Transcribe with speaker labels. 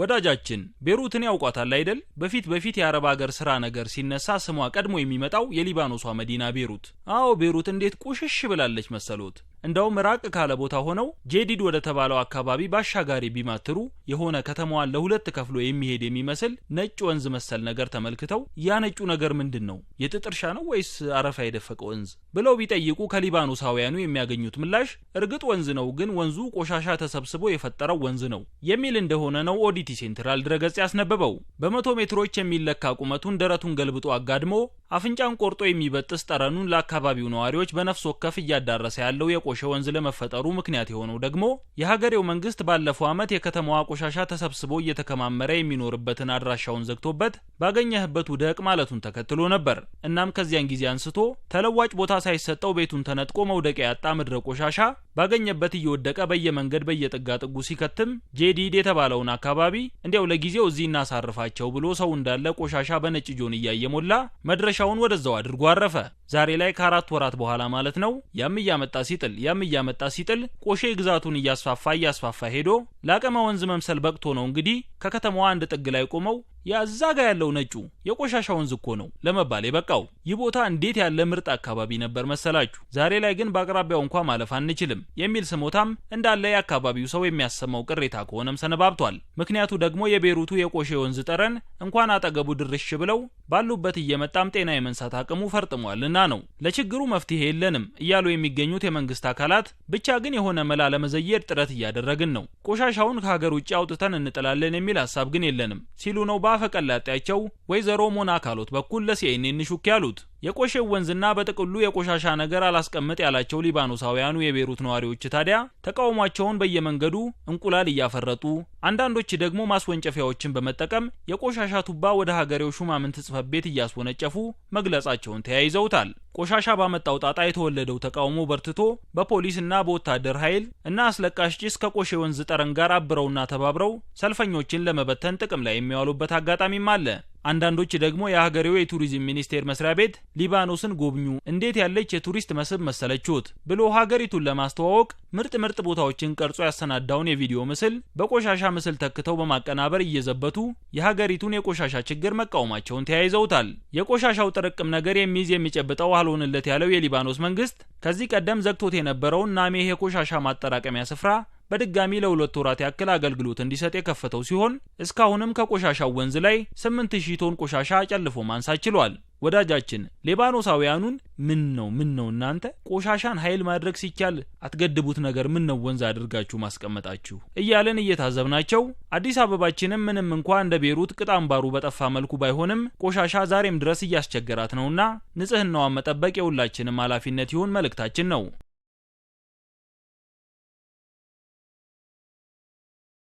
Speaker 1: ወዳጃችን ቤሩትን ያውቋታል አይደል? በፊት በፊት የአረብ ሀገር ስራ ነገር ሲነሳ ስሟ ቀድሞ የሚመጣው የሊባኖሷ መዲና ቤሩት። አዎ ቤሩት እንዴት ቁሽሽ ብላለች መሰሎት። እንደውም ራቅ ካለ ቦታ ሆነው ጄዲድ ወደ ተባለው አካባቢ በአሻጋሪ ቢማትሩ የሆነ ከተማዋን ለሁለት ከፍሎ የሚሄድ የሚመስል ነጭ ወንዝ መሰል ነገር ተመልክተው ያ ነጩ ነገር ምንድን ነው? የጥጥ እርሻ ነው ወይስ አረፋ የደፈቀ ወንዝ ብለው ቢጠይቁ ከሊባኖሳውያኑ የሚያገኙት ምላሽ እርግጥ ወንዝ ነው፣ ግን ወንዙ ቆሻሻ ተሰብስቦ የፈጠረው ወንዝ ነው የሚል እንደሆነ ነው ኦዲቲ ሴንትራል ድረገጽ ያስነበበው። በመቶ ሜትሮች የሚለካ ቁመቱን ደረቱን ገልብጦ አጋድሞ አፍንጫን ቆርጦ የሚበጥስ ጠረኑን ለአካባቢው ነዋሪዎች በነፍስ ወከፍ እያዳረሰ ያለው የቆሸ ወንዝ ለመፈጠሩ ምክንያት የሆነው ደግሞ የሀገሬው መንግስት ባለፈው ዓመት የከተማዋ ቆሻሻ ተሰብስቦ እየተከማመረ የሚኖርበትን አድራሻውን ዘግቶበት ባገኘህበት ውደቅ ማለቱን ተከትሎ ነበር። እናም ከዚያን ጊዜ አንስቶ ተለዋጭ ቦታ ሳይሰጠው ቤቱን ተነጥቆ መውደቂያ ያጣ ምድረ ቆሻሻ ባገኘበት እየወደቀ በየመንገድ በየጥጋ ጥጉ ሲከትም ጄዲድ የተባለውን አካባቢ እንዲያው ለጊዜው እዚህ እናሳርፋቸው ብሎ ሰው እንዳለ ቆሻሻ በነጭ ጆንያ እየሞላ መድረሻውን ወደዛው አድርጎ አረፈ። ዛሬ ላይ ከአራት ወራት በኋላ ማለት ነው። ያም እያመጣ ሲጥል ያም እያመጣ ሲጥል ቆሼ ግዛቱን እያስፋፋ እያስፋፋ ሄዶ ላቀማ ወንዝ መምሰል በቅቶ ነው እንግዲህ ከከተማዋ አንድ ጥግ ላይ ቆመው ያዛ ጋ ያለው ነጩ የቆሻሻ ወንዝ እኮ ነው ለመባል የበቃው። ይህ ቦታ እንዴት ያለ ምርጥ አካባቢ ነበር መሰላችሁ። ዛሬ ላይ ግን በአቅራቢያው እንኳ ማለፍ አንችልም የሚል ስሞታም እንዳለ የአካባቢው ሰው የሚያሰማው ቅሬታ ከሆነም ሰነባብቷል። ምክንያቱ ደግሞ የቤሩቱ የቆሼ ወንዝ ጠረን እንኳን አጠገቡ ድርሽ ብለው ባሉበት እየመጣም ጤና የመንሳት አቅሙ ፈርጥሟልና ነው። ለችግሩ መፍትሄ የለንም እያሉ የሚገኙት የመንግስት አካላት ብቻ ግን የሆነ መላ ለመዘየድ ጥረት እያደረግን ነው፣ ቆሻሻውን ከሀገር ውጭ አውጥተን እንጥላለን የሚል ሀሳብ ግን የለንም ሲሉ ነው በአፈቀላጤያቸው ወይዘሮ ሞና ካሎት በኩል ለሲኤንኤን ሹክ ያሉት። የቆሼው ወንዝና በጥቅሉ የቆሻሻ ነገር አላስቀምጥ ያላቸው ሊባኖሳውያኑ የቤሩት ነዋሪዎች ታዲያ ተቃውሟቸውን በየመንገዱ እንቁላል እያፈረጡ አንዳንዶች ደግሞ ማስወንጨፊያዎችን በመጠቀም የቆሻሻ ቱባ ወደ ሀገሬው ሹማምንት ጽፈት ቤት እያስወነጨፉ መግለጻቸውን ተያይዘውታል። ቆሻሻ ባመጣው ጣጣ የተወለደው ተቃውሞ በርትቶ በፖሊስና በወታደር ኃይል እና አስለቃሽ ጭስ ከቆሼ ወንዝ ጠረን ጋር አብረውና ተባብረው ሰልፈኞችን ለመበተን ጥቅም ላይ የሚዋሉበት አጋጣሚም አለ። አንዳንዶች ደግሞ የሀገሬው የቱሪዝም ሚኒስቴር መስሪያ ቤት ሊባኖስን ጎብኙ፣ እንዴት ያለች የቱሪስት መስህብ መሰለችሁት ብሎ ሀገሪቱን ለማስተዋወቅ ምርጥ ምርጥ ቦታዎችን ቀርጾ ያሰናዳውን የቪዲዮ ምስል በቆሻሻ ምስል ተክተው በማቀናበር እየዘበቱ የሀገሪቱን የቆሻሻ ችግር መቃወማቸውን ተያይዘውታል። የቆሻሻው ጥርቅም ነገር የሚይዝ የሚጨብጠው አልሆንለት ያለው የሊባኖስ መንግስት ከዚህ ቀደም ዘግቶት የነበረውን ናሜህ የቆሻሻ ማጠራቀሚያ ስፍራ በድጋሚ ለሁለት ወራት ያክል አገልግሎት እንዲሰጥ የከፈተው ሲሆን እስካሁንም ከቆሻሻው ወንዝ ላይ 8000 ቶን ቆሻሻ አጨልፎ ማንሳት ችሏል። ወዳጃችን ሌባኖሳውያኑን ምን ነው ምን ነው እናንተ ቆሻሻን ኃይል ማድረግ ሲቻል አትገድቡት ነገር ምን ነው ወንዝ አድርጋችሁ ማስቀመጣችሁ እያለን እየታዘብናቸው፣ አዲስ አበባችንም ምንም እንኳ እንደ ቤሩት ቅጥ አምባሩ በጠፋ መልኩ ባይሆንም ቆሻሻ ዛሬም ድረስ እያስቸገራት ነውና ንጽህናዋን መጠበቅ የሁላችንም ኃላፊነት ይሁን መልእክታችን ነው።